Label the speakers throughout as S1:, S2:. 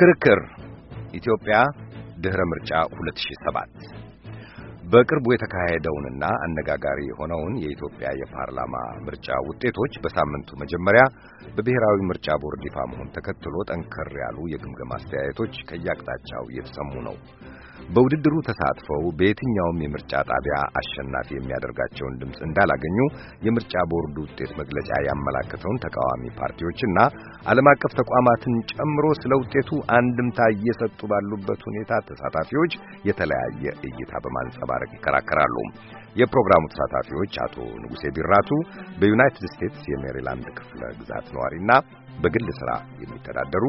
S1: ክርክር ኢትዮጵያ ድህረ ምርጫ 2007 በቅርቡ የተካሄደውንና አነጋጋሪ የሆነውን የኢትዮጵያ የፓርላማ ምርጫ ውጤቶች በሳምንቱ መጀመሪያ በብሔራዊ ምርጫ ቦርድ ይፋ መሆን ተከትሎ ጠንከር ያሉ የግምገማ አስተያየቶች ከየአቅጣጫው እየተሰሙ ነው። በውድድሩ ተሳትፈው በየትኛውም የምርጫ ጣቢያ አሸናፊ የሚያደርጋቸውን ድምፅ እንዳላገኙ የምርጫ ቦርድ ውጤት መግለጫ ያመላከተውን ተቃዋሚ ፓርቲዎችና ዓለም አቀፍ ተቋማትን ጨምሮ ስለ ውጤቱ አንድምታ እየሰጡ ባሉበት ሁኔታ ተሳታፊዎች የተለያየ እይታ በማንጸባረቅ ይከራከራሉ። የፕሮግራሙ ተሳታፊዎች አቶ ንጉሴ ቢራቱ በዩናይትድ ስቴትስ የሜሪላንድ ክፍለ ግዛት ነዋሪና በግል ስራ የሚተዳደሩ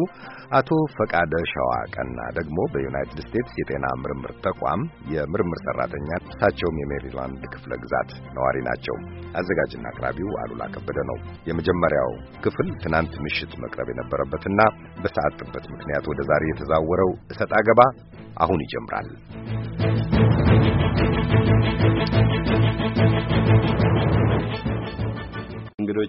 S1: አቶ ፈቃደ ሸዋ ቀና ደግሞ በዩናይትድ ስቴትስ የጤና ምርምር ተቋም የምርምር ሰራተኛ፣ እሳቸውም የሜሪላንድ ክፍለ ግዛት ነዋሪ ናቸው። አዘጋጅና አቅራቢው አሉላ ከበደ ነው። የመጀመሪያው ክፍል ትናንት ምሽት መቅረብ የነበረበትና በሰዓት ጥበት ምክንያት ወደ ዛሬ የተዛወረው እሰጥ አገባ አሁን ይጀምራል።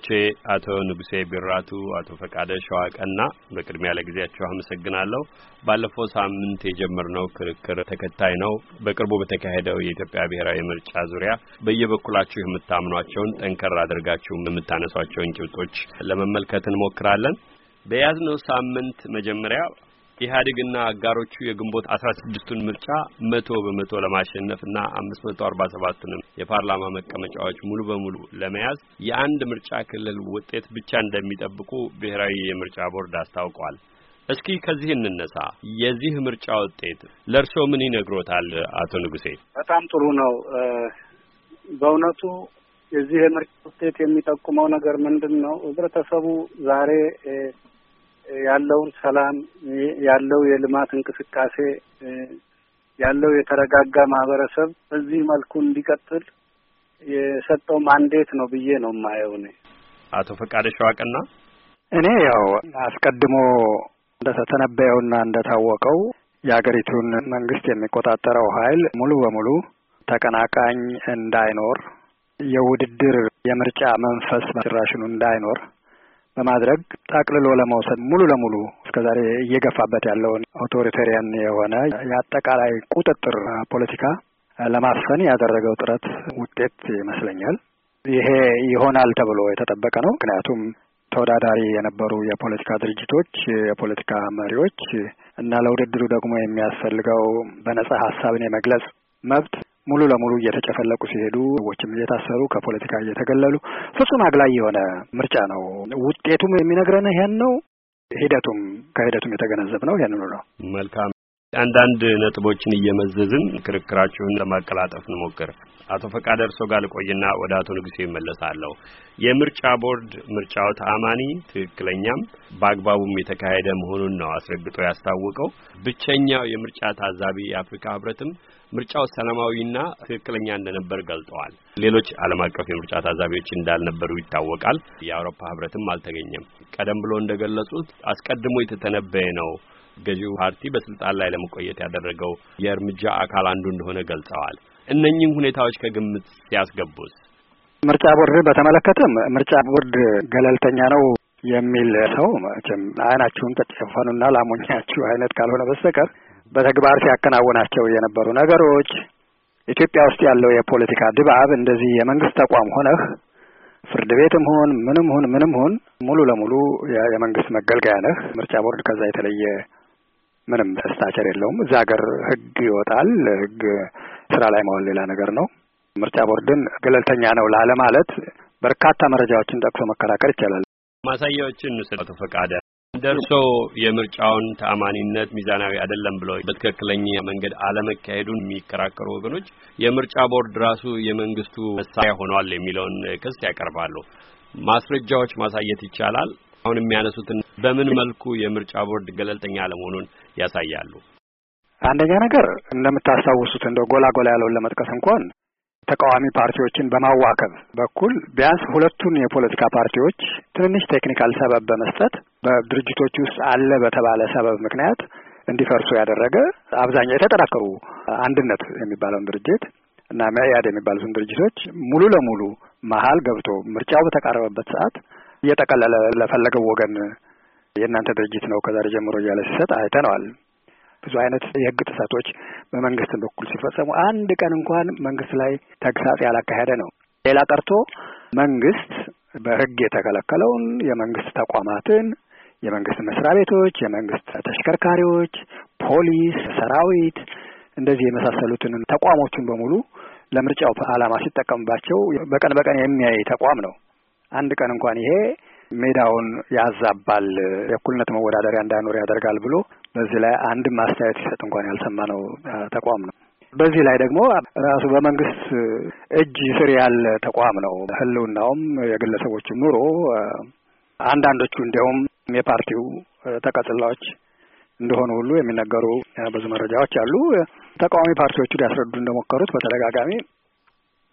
S1: እንግዶቼ
S2: አቶ ንጉሴ ቢራቱ፣ አቶ ፈቃደ ሸዋቀና በቅድሚያ ለጊዜያቸው አመሰግናለሁ። ባለፈው ሳምንት የጀመርነው ክርክር ተከታይ ነው። በቅርቡ በተካሄደው የኢትዮጵያ ብሔራዊ ምርጫ ዙሪያ በየበኩላችሁ የምታምኗቸውን ጠንከር አድርጋችሁ የምታነሷቸውን ጭብጦች ለመመልከት እንሞክራለን። በያዝነው ሳምንት መጀመሪያ ኢህአዴግና አጋሮቹ የግንቦት አስራ ስድስቱን ምርጫ መቶ በመቶ ለማሸነፍና አምስት መቶ አርባ ሰባቱንም የፓርላማ መቀመጫዎች ሙሉ በሙሉ ለመያዝ የአንድ ምርጫ ክልል ውጤት ብቻ እንደሚጠብቁ ብሔራዊ የምርጫ ቦርድ አስታውቋል። እስኪ ከዚህ እንነሳ። የዚህ ምርጫ ውጤት ለእርስዎ ምን ይነግሮታል? አቶ ንጉሴ
S3: በጣም ጥሩ ነው። በእውነቱ የዚህ የምርጫ ውጤት የሚጠቁመው ነገር ምንድን ነው? ህብረተሰቡ ዛሬ ያለውን ሰላም፣ ያለው የልማት እንቅስቃሴ፣ ያለው የተረጋጋ ማህበረሰብ በዚህ መልኩ እንዲቀጥል የሰጠው ማንዴት ነው ብዬ ነው የማየው። እኔ
S2: አቶ ፈቃደ ሸዋቅና
S4: እኔ ያው አስቀድሞ እንደተተነበየውና እንደታወቀው የሀገሪቱን መንግስት የሚቆጣጠረው ኃይል ሙሉ በሙሉ ተቀናቃኝ እንዳይኖር የውድድር የምርጫ መንፈስ ጭራሹን እንዳይኖር በማድረግ ጠቅልሎ ለመውሰድ ሙሉ ለሙሉ እስከዛሬ እየገፋበት ያለውን አውቶሪታሪያን የሆነ የአጠቃላይ ቁጥጥር ፖለቲካ ለማስፈን ያደረገው ጥረት ውጤት ይመስለኛል። ይሄ ይሆናል ተብሎ የተጠበቀ ነው። ምክንያቱም ተወዳዳሪ የነበሩ የፖለቲካ ድርጅቶች፣ የፖለቲካ መሪዎች እና ለውድድሩ ደግሞ የሚያስፈልገው በነጻ ሀሳብን የመግለጽ መብት ሙሉ ለሙሉ እየተጨፈለቁ ሲሄዱ ሰዎችም እየታሰሩ ከፖለቲካ እየተገለሉ ፍጹም አግላይ የሆነ ምርጫ ነው። ውጤቱም የሚነግረን ይሄን ነው። ሂደቱም ከሂደቱም የተገነዘብ ነው ይሄንኑ ነው።
S2: መልካም አንዳንድ ነጥቦችን እየመዘዝን ክርክራችሁን ለማቀላጠፍ እንሞክር። አቶ ፈቃደ እርሶ ጋር ልቆይና ወደ አቶ ንጉሴ ይመለሳለሁ። የምርጫ ቦርድ ምርጫው ተአማኒ፣ ትክክለኛም በአግባቡም የተካሄደ መሆኑን ነው አስረግጦ ያስታወቀው። ብቸኛው የምርጫ ታዛቢ የአፍሪካ ህብረትም ምርጫው ሰላማዊና ትክክለኛ እንደነበር ገልጠዋል። ሌሎች ዓለም አቀፍ የምርጫ ታዛቢዎች እንዳልነበሩ ይታወቃል። የአውሮፓ ህብረትም አልተገኘም። ቀደም ብሎ እንደገለጹት አስቀድሞ የተተነበየ ነው ገዢው ፓርቲ በስልጣን ላይ ለመቆየት ያደረገው የእርምጃ አካል አንዱ እንደሆነ ገልጸዋል። እነኚህን ሁኔታዎች ከግምት ሲያስገቡት
S4: ምርጫ ቦርድ በተመለከተም ምርጫ ቦርድ ገለልተኛ ነው የሚል ሰው መቼም አይናችሁን ተጨፈኑና ላሞኛችሁ አይነት ካልሆነ በስተቀር በተግባር ሲያከናውናቸው የነበሩ ነገሮች፣ ኢትዮጵያ ውስጥ ያለው የፖለቲካ ድባብ እንደዚህ የመንግስት ተቋም ሆነህ ፍርድ ቤትም ሁን ምንም ሁን ምንም ሁን ሙሉ ለሙሉ የመንግስት መገልገያ ነህ። ምርጫ ቦርድ ከዛ የተለየ ምንም ተስታቸር የለውም። እዛ ሀገር ህግ ይወጣል። ህግ ስራ ላይ መዋል ሌላ ነገር ነው። ምርጫ ቦርድን ገለልተኛ ነው ላለማለት በርካታ መረጃዎችን ጠቅሶ መከራከር
S2: ይቻላል። ማሳያዎችን ንስ አቶ ፈቃደ ደርሶ የምርጫውን ተአማኒነት ሚዛናዊ አይደለም ብለው በትክክለኛ መንገድ አለመካሄዱን የሚከራከሩ ወገኖች የምርጫ ቦርድ ራሱ የመንግስቱ መሳሪያ ሆኗል የሚለውን ክስ ያቀርባሉ። ማስረጃዎች ማሳየት ይቻላል። አሁን የሚያነሱትን በምን መልኩ የምርጫ ቦርድ ገለልተኛ አለመሆኑን ያሳያሉ?
S4: አንደኛ ነገር እንደምታስታውሱት እንደ ጎላ ጎላ ያለውን ለመጥቀስ እንኳን ተቃዋሚ ፓርቲዎችን በማዋከብ በኩል ቢያንስ ሁለቱን የፖለቲካ ፓርቲዎች ትንንሽ ቴክኒካል ሰበብ በመስጠት በድርጅቶች ውስጥ አለ በተባለ ሰበብ ምክንያት እንዲፈርሱ ያደረገ አብዛኛው የተጠናከሩ አንድነት የሚባለውን ድርጅት እና መያድ የሚባሉትን ድርጅቶች ሙሉ ለሙሉ መሀል ገብቶ ምርጫው በተቃረበበት ሰዓት እየጠቀለለ ለፈለገው ወገን የእናንተ ድርጅት ነው ከዛሬ ጀምሮ እያለ ሲሰጥ አይተነዋል። ብዙ አይነት የህግ ጥሰቶች በመንግስት በኩል ሲፈጸሙ አንድ ቀን እንኳን መንግስት ላይ ተግሳጽ ያላካሄደ ነው። ሌላ ቀርቶ መንግስት በህግ የተከለከለውን የመንግስት ተቋማትን የመንግስት መስሪያ ቤቶች፣ የመንግስት ተሽከርካሪዎች፣ ፖሊስ፣ ሰራዊት እንደዚህ የመሳሰሉትን ተቋሞቹን በሙሉ ለምርጫው ዓላማ ሲጠቀምባቸው በቀን በቀን የሚያይ ተቋም ነው። አንድ ቀን እንኳን ይሄ ሜዳውን ያዛባል፣ የእኩልነት መወዳደሪያ እንዳይኖር ያደርጋል ብሎ በዚህ ላይ አንድም አስተያየት ሲሰጥ እንኳን ያልሰማነው ተቋም ነው። በዚህ ላይ ደግሞ ራሱ በመንግስት እጅ ስር ያለ ተቋም ነው። ህልውናውም የግለሰቦቹ ኑሮ አንዳንዶቹ እንዲያውም የፓርቲው ተቀጽላዎች እንደሆኑ ሁሉ የሚነገሩ ብዙ መረጃዎች አሉ። ተቃዋሚ ፓርቲዎቹ ሊያስረዱ እንደሞከሩት በተደጋጋሚ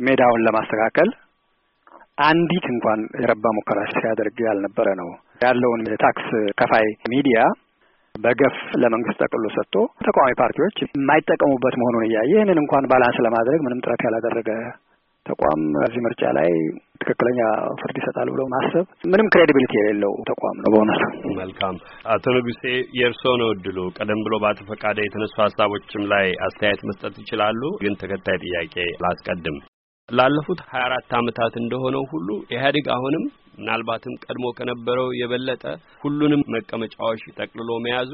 S4: ሜዳውን ለማስተካከል አንዲት እንኳን የረባ ሙከራ ሲያደርግ ያልነበረ ነው። ያለውን የታክስ ከፋይ ሚዲያ በገፍ ለመንግስት ጠቅሎ ሰጥቶ ተቃዋሚ ፓርቲዎች የማይጠቀሙበት መሆኑን እያየ ይህንን እንኳን ባላንስ ለማድረግ ምንም ጥረት ያላደረገ
S2: ተቋም በዚህ ምርጫ ላይ
S4: ትክክለኛ ፍርድ ይሰጣል ብሎ ማሰብ ምንም ክሬዲቢሊቲ የሌለው ተቋም ነው በእውነቱ።
S2: መልካም አቶ ንጉሴ የእርስዎ ነው እድሉ። ቀደም ብሎ በአቶ ፈቃደ የተነሱ ሀሳቦችም ላይ አስተያየት መስጠት ይችላሉ። ግን ተከታይ ጥያቄ ላስቀድም። ላለፉት ሀያ አራት አመታት እንደሆነው ሁሉ ኢህአዴግ አሁንም ምናልባትም ቀድሞ ከነበረው የበለጠ ሁሉንም መቀመጫዎች ጠቅልሎ መያዙ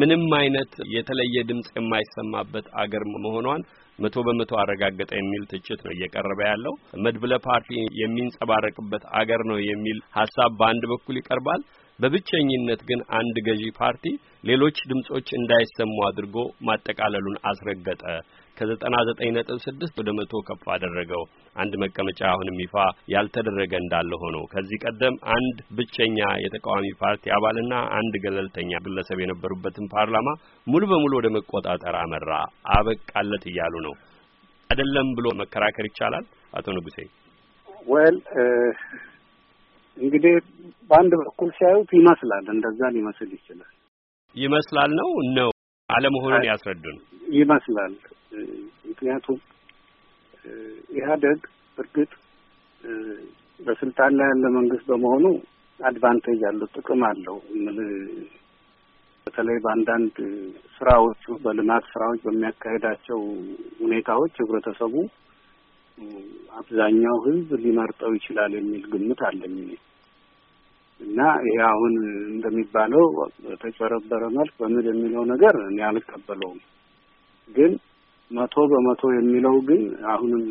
S2: ምንም አይነት የተለየ ድምፅ የማይሰማበት አገር መሆኗን መቶ በመቶ አረጋገጠ የሚል ትችት ነው እየቀረበ ያለው። መድብለ ፓርቲ የሚንጸባረቅበት አገር ነው የሚል ሀሳብ በአንድ በኩል ይቀርባል። በብቸኝነት ግን አንድ ገዢ ፓርቲ ሌሎች ድምጾች እንዳይሰሙ አድርጎ ማጠቃለሉን አስረገጠ ከ99.6 ወደ መቶ ከፍ አደረገው። አንድ መቀመጫ አሁንም ይፋ ያልተደረገ እንዳለ ሆኖ ከዚህ ቀደም አንድ ብቸኛ የተቃዋሚ ፓርቲ አባልና አንድ ገለልተኛ ግለሰብ የነበሩበትን ፓርላማ ሙሉ በሙሉ ወደ መቆጣጠር አመራ። አበቃለት እያሉ ነው። አይደለም ብሎ መከራከር ይቻላል። አቶ ንጉሴ
S3: ወል እንግዲህ በአንድ በኩል ሲያዩት ይመስላል እንደዛ ሊመስል ይችላል።
S2: ይመስላል ነው ነው አለመሆኑን ያስረዱን ይመስላል። ምክንያቱም
S3: ኢህአደግ እርግጥ በስልጣን ላይ ያለ መንግስት በመሆኑ አድቫንቴጅ አለው፣ ጥቅም አለው። በተለይ በአንዳንድ ስራዎቹ በልማት ስራዎች በሚያካሄዳቸው ሁኔታዎች ህብረተሰቡ አብዛኛው ህዝብ ሊመርጠው ይችላል የሚል ግምት አለኝ እና ይሄ አሁን እንደሚባለው በተጨረበረ መልክ በምን የሚለው ነገር እኔ አልቀበለውም ግን መቶ በመቶ የሚለው ግን አሁንም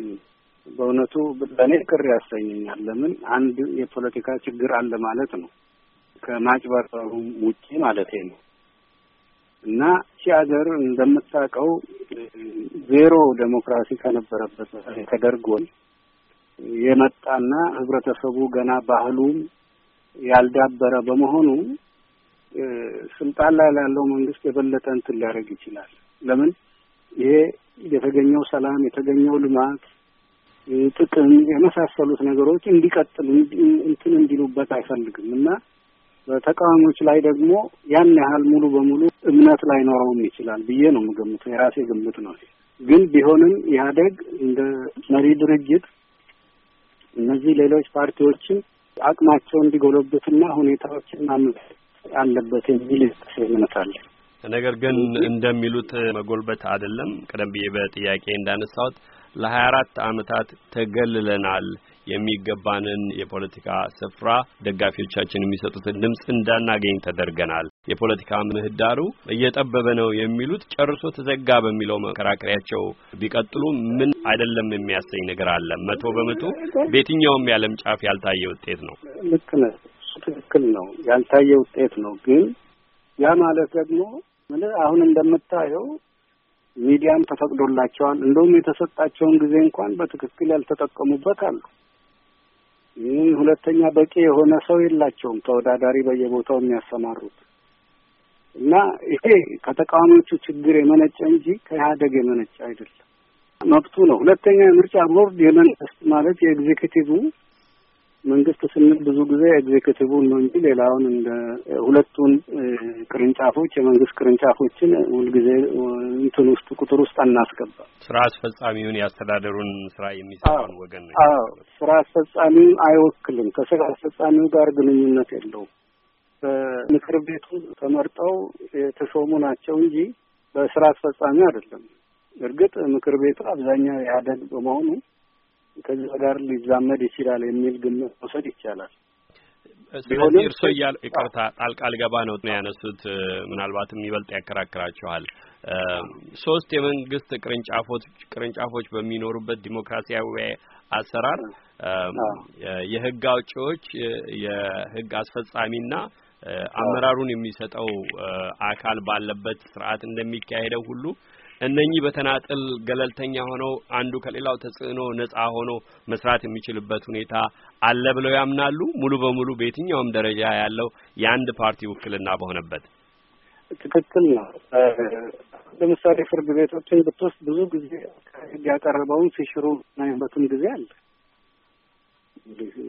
S3: በእውነቱ በእኔ ቅር ያሰኘኛል። ለምን አንድ የፖለቲካ ችግር አለ ማለት ነው፣ ከማጭበርበሩም ውጪ ማለት ነው። እና ሺ ሀገር እንደምታውቀው ዜሮ ዴሞክራሲ ከነበረበት ተደርጎን የመጣና ህብረተሰቡ ገና ባህሉም ያልዳበረ በመሆኑ ስልጣን ላይ ላለው መንግስት የበለጠ እንትን ሊያደርግ ይችላል። ለምን ይሄ የተገኘው ሰላም፣ የተገኘው ልማት፣ ጥቅም የመሳሰሉት ነገሮች እንዲቀጥሉ እንትን እንዲሉበት አይፈልግም እና በተቃዋሚዎች ላይ ደግሞ ያን ያህል ሙሉ በሙሉ እምነት ላይኖረውም ይችላል ብዬ ነው የምገምተው። የራሴ ግምት ነው። ግን ቢሆንም ኢህአዴግ እንደ መሪ ድርጅት እነዚህ ሌሎች ፓርቲዎችን አቅማቸው እንዲጎለብትና ሁኔታዎችን ማመ አለበት የሚል እምነት
S2: ነገር ግን እንደሚሉት መጎልበት አይደለም። ቀደም ብዬ በጥያቄ እንዳነሳሁት ለሀያ 24 አመታት ተገልለናል የሚገባንን የፖለቲካ ስፍራ ደጋፊዎቻችን የሚሰጡትን ድምፅ እንዳናገኝ ተደርገናል። የፖለቲካ ምህዳሩ እየጠበበ ነው የሚሉት ጨርሶ ተዘጋ በሚለው መከራከሪያቸው ቢቀጥሉ ምን አይደለም የሚያሰኝ ነገር አለ። መቶ በመቶ በየትኛውም የዓለም ጫፍ ያልታየ ውጤት ነው።
S3: ልክ ነህ። ትክክል ነው። ያልታየ ውጤት ነው። ግን ያ ማለት ደግሞ አሁን እንደምታየው ሚዲያም ተፈቅዶላቸዋል። እንደውም የተሰጣቸውን ጊዜ እንኳን በትክክል ያልተጠቀሙበት አሉ። ይህ ሁለተኛ በቂ የሆነ ሰው የላቸውም ተወዳዳሪ በየቦታው የሚያሰማሩት እና ይሄ ከተቃዋሚዎቹ ችግር የመነጨ እንጂ ከኢህአደግ የመነጨ አይደለም። መብቱ ነው። ሁለተኛ የምርጫ ቦርድ የመንግስት ማለት የኤግዜኪቲቭ መንግስት ስንል ብዙ ጊዜ ኤግዜክቲቡ ነው እንጂ ሌላውን እንደ ሁለቱን ቅርንጫፎች የመንግስት ቅርንጫፎችን ሁልጊዜ እንትን ውስጥ ቁጥር ውስጥ አናስገባም።
S2: ስራ አስፈጻሚውን የአስተዳደሩን ስራ የሚሰራውን ወገን ነው።
S3: አዎ ስራ አስፈጻሚውን አይወክልም። ከስራ አስፈጻሚው ጋር ግንኙነት
S2: የለውም። በምክር
S3: ቤቱ ተመርጠው የተሾሙ ናቸው እንጂ በስራ አስፈጻሚ አይደለም። እርግጥ ምክር ቤቱ አብዛኛው ኢህአደግ በመሆኑ ከዛ ጋር ሊዛመድ ይችላል የሚል ግምት መውሰድ ይቻላል።
S2: ስለዚህ እርስዎ እያል ይቅርታ ጣልቃ ልገባ ነው ያነሱት፣ ምናልባትም ይበልጥ ያከራክራችኋል። ሶስት የመንግስት ቅርንጫፎች ቅርንጫፎች በሚኖሩበት ዲሞክራሲያዊ አሰራር የህግ አውጪዎች፣ የህግ አስፈጻሚና አመራሩን የሚሰጠው አካል ባለበት ስርዓት እንደሚካሄደው ሁሉ እነኚህ በተናጥል ገለልተኛ ሆነው አንዱ ከሌላው ተጽዕኖ ነጻ ሆኖ መስራት የሚችልበት ሁኔታ አለ ብለው ያምናሉ? ሙሉ በሙሉ በየትኛውም ደረጃ ያለው የአንድ ፓርቲ ውክልና በሆነበት
S3: ትክክል ነው። ለምሳሌ ፍርድ ቤቶችን ብትወስድ ብዙ ጊዜ ህግ ያቀረበውን ሲሽሩ ናይበትም ጊዜ አለ።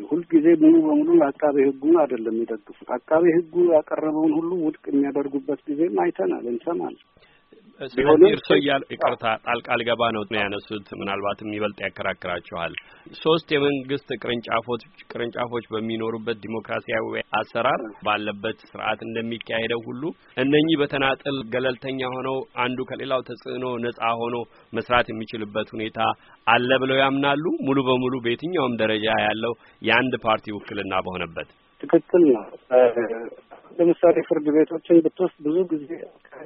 S3: ሁልጊዜ ሙሉ በሙሉ አቃቤ ሕጉን አይደለም የሚደግፉት። አቃቤ ህጉ ያቀረበውን ሁሉ ውድቅ የሚያደርጉበት ጊዜም አይተናል፣ እንሰማል።
S2: ስለዚህ እርሶ እያሉ ይቅርታ ጣልቃ ልገባ ነው ያነሱት፣ ምናልባትም ይበልጥ ያከራክራችኋል። ሶስት የመንግስት ቅርንጫፎች ቅርንጫፎች በሚኖሩበት ዲሞክራሲያዊ አሰራር ባለበት ስርዓት እንደሚካሄደው ሁሉ እነኚህ በተናጠል ገለልተኛ ሆነው አንዱ ከሌላው ተጽዕኖ ነጻ ሆኖ መስራት የሚችልበት ሁኔታ አለ ብለው ያምናሉ። ሙሉ በሙሉ በየትኛውም ደረጃ ያለው የአንድ ፓርቲ ውክልና በሆነበት
S3: ትክክል ነው። ለምሳሌ ፍርድ ቤቶችን ብትወስድ ብዙ ጊዜ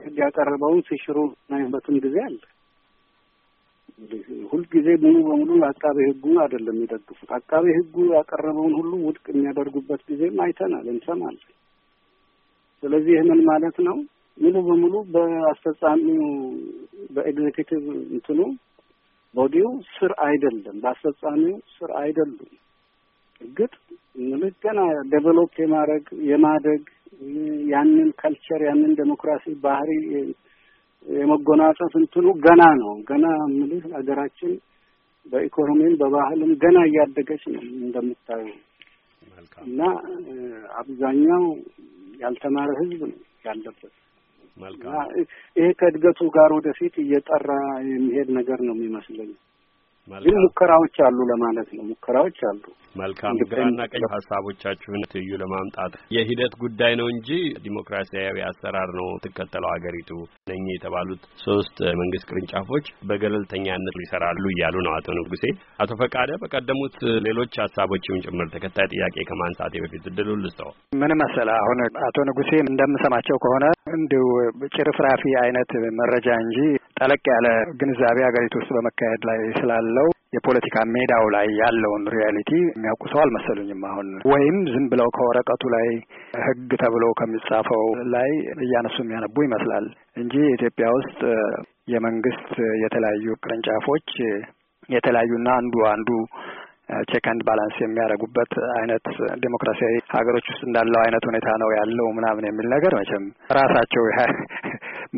S3: ህግ ያቀረበውን ሲሽሩ ናይበትም ጊዜ አለ። ሁልጊዜ ሙሉ በሙሉ አቃቤ ህጉ አይደለም የሚደግፉት። አቃቤ ህጉ ያቀረበውን ሁሉ ውድቅ የሚያደርጉበት ጊዜም አይተናል፣ እንሰማለን። ስለዚህ ይህንን ማለት ነው ሙሉ በሙሉ በአስፈጻሚው በኤግዜኪቲቭ እንትኑ ቦዲው ስር አይደለም፣ በአስፈጻሚው ስር አይደሉም። እርግጥ ገና ዴቨሎፕ የማድረግ የማደግ ያንን ካልቸር ያንን ዴሞክራሲ ባህሪ የመጎናጸፍ እንትኑ ገና ነው። ገና ምልህ ሀገራችን በኢኮኖሚም በባህልም ገና እያደገች ነው እንደምታዩ እና አብዛኛው ያልተማረ ህዝብ ነው ያለበት። ይሄ ከእድገቱ ጋር ወደፊት እየጠራ የሚሄድ ነገር ነው የሚመስለኝ። ግን ሙከራዎች አሉ ለማለት ነው። ሙከራዎች አሉ።
S2: መልካም ግራና ቀኝ ሀሳቦቻችሁን ትዩ ለማምጣት የሂደት ጉዳይ ነው እንጂ ዲሞክራሲያዊ አሰራር ነው ትከተለው ሀገሪቱ። እነኚህ የተባሉት ሶስት መንግስት ቅርንጫፎች በገለልተኛነት ይሰራሉ እያሉ ነው አቶ ንጉሴ። አቶ ፈቃደ በቀደሙት ሌሎች ሀሳቦችም ጭምር ተከታይ ጥያቄ ከማንሳቴ በፊት እድሉን ልስጠው።
S4: ምን መሰለህ አሁን አቶ ንጉሴ እንደምሰማቸው ከሆነ እንዲሁ ጭርፍራፊ አይነት መረጃ እንጂ ጠለቅ ያለ ግንዛቤ ሀገሪቱ ውስጥ በመካሄድ ላይ ስላለው የፖለቲካ ሜዳው ላይ ያለውን ሪያሊቲ የሚያውቁ ሰው አልመሰሉኝም። አሁን ወይም ዝም ብለው ከወረቀቱ ላይ ሕግ ተብሎ ከሚጻፈው ላይ እያነሱ የሚያነቡ ይመስላል እንጂ ኢትዮጵያ ውስጥ የመንግስት የተለያዩ ቅርንጫፎች የተለያዩና አንዱ አንዱ ቼክ አንድ ባላንስ የሚያደርጉበት አይነት ዴሞክራሲያዊ ሀገሮች ውስጥ እንዳለው አይነት ሁኔታ ነው ያለው ምናምን የሚል ነገር መቼም ራሳቸው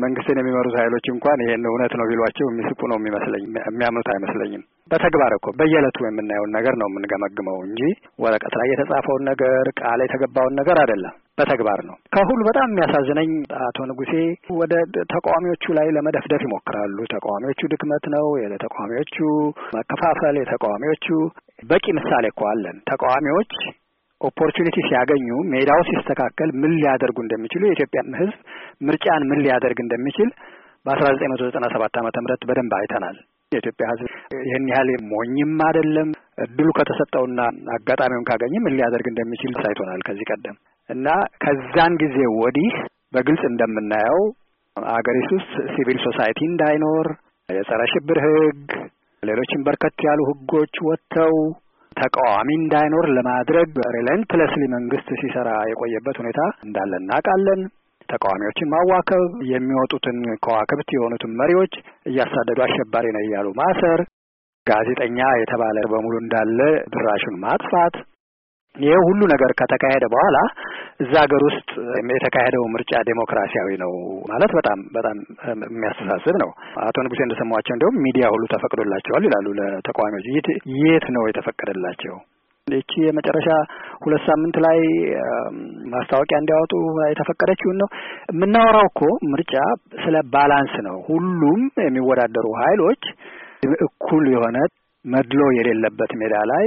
S4: መንግስትን የሚመሩት ኃይሎች እንኳን ይሄን እውነት ነው ቢሏቸው የሚስቁ ነው የሚመስለኝ፣ የሚያምኑት አይመስለኝም። በተግባር እኮ በየዕለቱ የምናየውን ነገር ነው የምንገመግመው እንጂ ወረቀት ላይ የተጻፈውን ነገር ቃል የተገባውን ነገር አይደለም። በተግባር ነው። ከሁሉ በጣም የሚያሳዝነኝ አቶ ንጉሴ ወደ ተቃዋሚዎቹ ላይ ለመደፍደፍ ይሞክራሉ። ተቃዋሚዎቹ ድክመት ነው የተቃዋሚዎቹ መከፋፈል የተቃዋሚዎቹ በቂ ምሳሌ እኮ አለን። ተቃዋሚዎች ኦፖርቹኒቲ ሲያገኙ ሜዳው ሲስተካከል ምን ሊያደርጉ እንደሚችሉ የኢትዮጵያ ሕዝብ ምርጫን ምን ሊያደርግ እንደሚችል በአስራ ዘጠኝ መቶ ዘጠና ሰባት ዓመተ ምህረት በደንብ አይተናል። የኢትዮጵያ ሕዝብ ይህን ያህል ሞኝም አይደለም። እድሉ ከተሰጠውና አጋጣሚውን ካገኘ ምን ሊያደርግ እንደሚችል ሳይቶናል ከዚህ ቀደም እና ከዛን ጊዜ ወዲህ በግልጽ እንደምናየው አገሪቱ ውስጥ ሲቪል ሶሳይቲ እንዳይኖር የጸረ ሽብር ህግ ሌሎችም በርከት ያሉ ህጎች ወጥተው ተቃዋሚ እንዳይኖር ለማድረግ ሬለንትለስሊ መንግስት ሲሰራ የቆየበት ሁኔታ እንዳለ እናውቃለን። ተቃዋሚዎችን ማዋከብ፣ የሚወጡትን ከዋክብት የሆኑትን መሪዎች እያሳደዱ አሸባሪ ነው እያሉ ማሰር፣ ጋዜጠኛ የተባለ በሙሉ እንዳለ ድራሹን ማጥፋት ይሄ ሁሉ ነገር ከተካሄደ በኋላ እዛ ሀገር ውስጥ የተካሄደው ምርጫ ዴሞክራሲያዊ ነው ማለት በጣም በጣም የሚያስተሳስብ ነው። አቶ ንጉሴ እንደሰማቸው እንዲሁም ሚዲያ ሁሉ ተፈቅዶላቸዋል ይላሉ ለተቃዋሚዎች። የት ነው የተፈቀደላቸው? ይቺ የመጨረሻ ሁለት ሳምንት ላይ ማስታወቂያ እንዲያወጡ የተፈቀደችውን ነው የምናወራው እኮ። ምርጫ ስለ ባላንስ ነው። ሁሉም የሚወዳደሩ ኃይሎች እኩል የሆነ መድሎ የሌለበት ሜዳ ላይ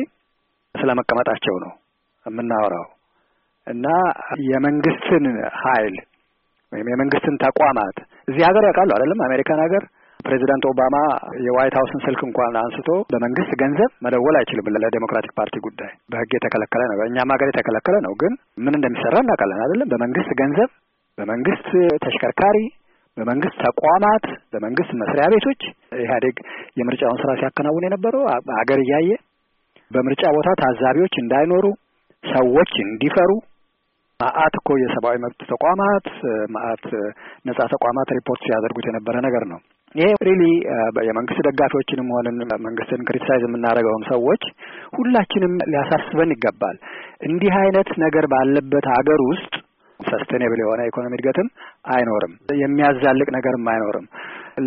S4: ስለ መቀመጣቸው ነው። የምናወራው እና የመንግስትን ኃይል ወይም የመንግስትን ተቋማት እዚህ ሀገር ያውቃሉ አይደለም አሜሪካን ሀገር ፕሬዚዳንት ኦባማ የዋይት ሀውስን ስልክ እንኳን አንስቶ በመንግስት ገንዘብ መደወል አይችልም ለዴሞክራቲክ ፓርቲ ጉዳይ በህግ የተከለከለ ነው። እኛም ሀገር የተከለከለ ነው። ግን ምን እንደሚሰራ እናውቃለን አይደለም። በመንግስት ገንዘብ፣ በመንግስት ተሽከርካሪ፣ በመንግስት ተቋማት፣ በመንግስት መስሪያ ቤቶች ኢህአዴግ የምርጫውን ስራ ሲያከናውን የነበረው ሀገር እያየ በምርጫ ቦታ ታዛቢዎች እንዳይኖሩ ሰዎች እንዲፈሩ ማአት እኮ የሰብአዊ መብት ተቋማት ማአት ነጻ ተቋማት ሪፖርት ሲያደርጉት የነበረ ነገር ነው። ይሄ ሪሊ የመንግስት ደጋፊዎችንም ሆንን መንግስትን ክሪቲሳይዝ የምናደርገውም ሰዎች ሁላችንም ሊያሳስበን ይገባል። እንዲህ አይነት ነገር ባለበት ሀገር ውስጥ ሰስቴኔብል የሆነ ኢኮኖሚ እድገትም አይኖርም። የሚያዛልቅ ነገርም አይኖርም።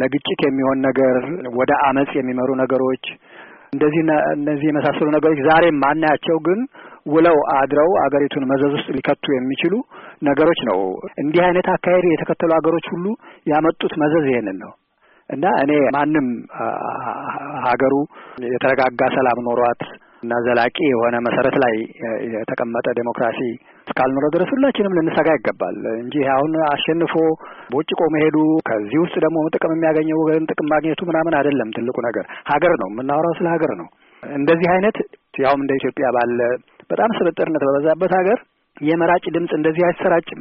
S4: ለግጭት የሚሆን ነገር፣ ወደ አመጽ የሚመሩ ነገሮች እንደዚህ እነዚህ የመሳሰሉ ነገሮች ዛሬም ማናያቸው ግን ውለው አድረው አገሪቱን መዘዝ ውስጥ ሊከቱ የሚችሉ ነገሮች ነው። እንዲህ አይነት አካሄድ የተከተሉ አገሮች ሁሉ ያመጡት መዘዝ ይሄንን ነው። እና እኔ ማንም ሀገሩ የተረጋጋ ሰላም ኖሯት እና ዘላቂ የሆነ መሰረት ላይ የተቀመጠ ዴሞክራሲ እስካልኖረ ድረስ ሁላችንም ልንሰጋ ይገባል እንጂ አሁን አሸንፎ ቦጭቆ መሄዱ ከዚህ ውስጥ ደግሞ ጥቅም የሚያገኘው ወገን ጥቅም ማግኘቱ ምናምን አይደለም። ትልቁ ነገር ሀገር ነው፣ የምናወራው ስለ ሀገር ነው። እንደዚህ አይነት ያውም እንደ ኢትዮጵያ ባለ በጣም ስብጥርነት በበዛበት ሀገር የመራጭ ድምፅ እንደዚህ አይሰራጭም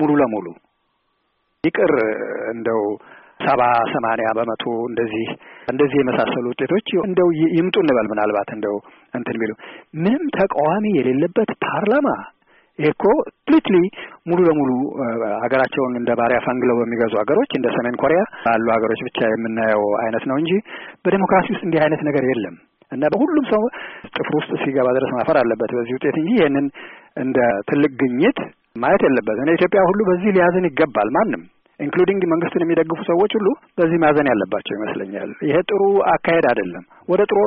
S4: ሙሉ ለሙሉ ይቅር እንደው ሰባ ሰማንያ በመቶ እንደዚህ እንደዚህ የመሳሰሉ ውጤቶች እንደው ይምጡ እንበል ምናልባት እንደው እንትን ቢሉ ምንም ተቃዋሚ የሌለበት ፓርላማ ይሄኮ ፕሊትሊ ሙሉ ለሙሉ ሀገራቸውን እንደ ባሪያ ፈንግለው በሚገዙ ሀገሮች እንደ ሰሜን ኮሪያ ባሉ ሀገሮች ብቻ የምናየው አይነት ነው እንጂ በዴሞክራሲ ውስጥ እንዲህ አይነት ነገር የለም። እና በሁሉም ሰው ጥፍር ውስጥ ሲገባ ድረስ ማፈር አለበት በዚህ ውጤት እንጂ ይህንን እንደ ትልቅ ግኝት ማየት የለበትም። ኢትዮጵያ ሁሉ በዚህ ሊያዝን ይገባል ማንም ኢንክሉዲንግ መንግስትን የሚደግፉ ሰዎች ሁሉ በዚህ ማዘን ያለባቸው ይመስለኛል። ይሄ ጥሩ አካሄድ አይደለም። ወደ ጥሩ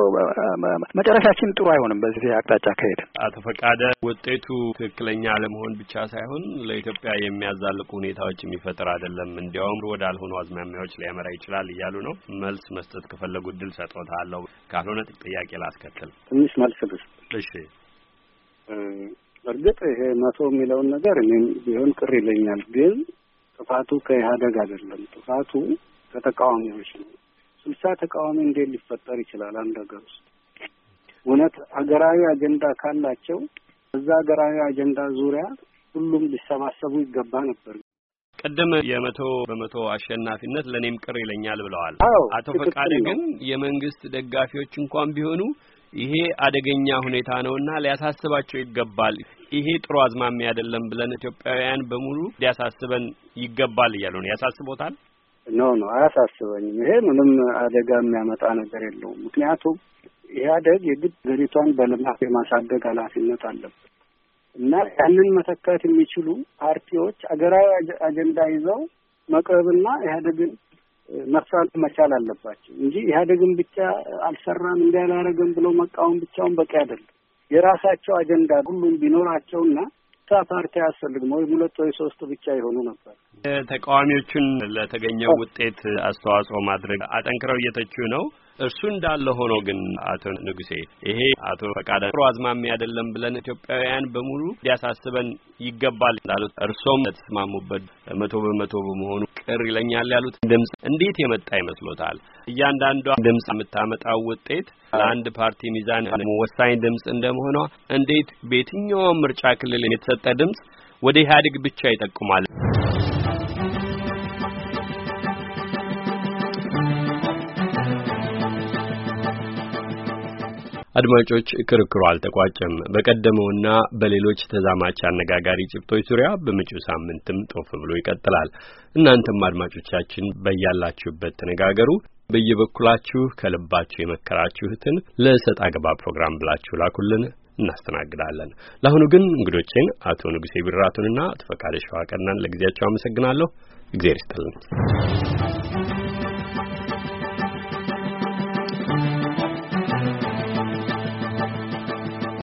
S4: መጨረሻችን ጥሩ አይሆንም። በዚህ አቅጣጫ አካሄድ
S2: አቶ ፈቃደ ውጤቱ ትክክለኛ አለመሆን ብቻ ሳይሆን ለኢትዮጵያ የሚያዛልቁ ሁኔታዎች የሚፈጥር አይደለም፣ እንዲያውም ወዳልሆኑ አዝማሚያዎች ሊያመራ ይችላል እያሉ ነው። መልስ መስጠት ከፈለጉ ድል ሰጥዎታለሁ። ካልሆነ ጥያቄ ላስከትል። ትንሽ መልስ እሺ
S3: እርግጥ ይሄ መቶ የሚለውን ነገር እኔም ቢሆን ቅር ይለኛል ግን ጥፋቱ ከኢህአደግ አይደለም። ጥፋቱ ከተቃዋሚዎች ነው። ስልሳ ተቃዋሚ እንዴት ሊፈጠር ይችላል አንድ ሀገር ውስጥ? እውነት ሀገራዊ አጀንዳ ካላቸው እዛ ሀገራዊ አጀንዳ ዙሪያ ሁሉም ሊሰባሰቡ ይገባ ነበር።
S2: ቀደም የመቶ በመቶ አሸናፊነት ለእኔም ቅር ይለኛል ብለዋል አቶ ፈቃደ። ግን የመንግስት ደጋፊዎች እንኳን ቢሆኑ ይሄ አደገኛ ሁኔታ ነውና ሊያሳስባቸው ይገባል። ይሄ ጥሩ አዝማሚ አይደለም ብለን ኢትዮጵያውያን በሙሉ ሊያሳስበን ይገባል እያሉ ነው። ያሳስቦታል? ኖ
S3: ኖ አያሳስበኝም። ይሄ ምንም አደጋ የሚያመጣ ነገር የለውም። ምክንያቱም ኢህአደግ የግድ ሀገሪቷን በልማት የማሳደግ ኃላፊነት አለበት እና ያንን መተካት የሚችሉ ፓርቲዎች አገራዊ አጀንዳ ይዘው መቅረብና ኢህአደግን መፋለም መቻል አለባቸው እንጂ ኢህአዴግን ብቻ አልሰራም እንዲ ያላረገም ብለው መቃወም ብቻውን በቂ አይደለም። የራሳቸው አጀንዳ ሁሉም ቢኖራቸውና ታ ፓርቲ አያስፈልግም ወይም ሁለት ወይ ሶስት ብቻ የሆኑ ነበር።
S2: ተቃዋሚዎቹን ለተገኘው ውጤት አስተዋጽኦ ማድረግ አጠንክረው እየተቹ ነው። እርሱ እንዳለ ሆኖ ግን አቶ ንጉሴ ይሄ አቶ ፈቃደ ጥሩ አዝማሚ አይደለም ብለን ኢትዮጵያውያን በሙሉ ሊያሳስበን ይገባል እንዳሉት እርሶም ተስማሙበት መቶ በመቶ በመሆኑ ቅር ይለኛል ያሉት ድምጽ እንዴት የመጣ ይመስሎታል? እያንዳንዷ ድምጽ የምታመጣው ውጤት ለአንድ ፓርቲ ሚዛን ወሳኝ ድምጽ እንደመሆኗ እንዴት በየትኛውም ምርጫ ክልል የተሰጠ ድምጽ ወደ ኢህአዴግ ብቻ ይጠቁማል? አድማጮች ክርክሩ አልተቋጨም። በቀደመውና በሌሎች ተዛማች አነጋጋሪ ጭብጦች ዙሪያ በመጪው ሳምንትም ጦፍ ብሎ ይቀጥላል። እናንተም አድማጮቻችን በያላችሁበት ተነጋገሩ። በየበኩላችሁ ከልባችሁ የመከራችሁትን ለሰጥ አገባ ፕሮግራም ብላችሁ ላኩልን፣ እናስተናግዳለን። ለአሁኑ ግን እንግዶቼን አቶ ንጉሴ ቢራቱንና አቶ ፈቃደ ሸዋቀናን ለጊዜያቸው አመሰግናለሁ። እግዜር
S3: ይስጥልን።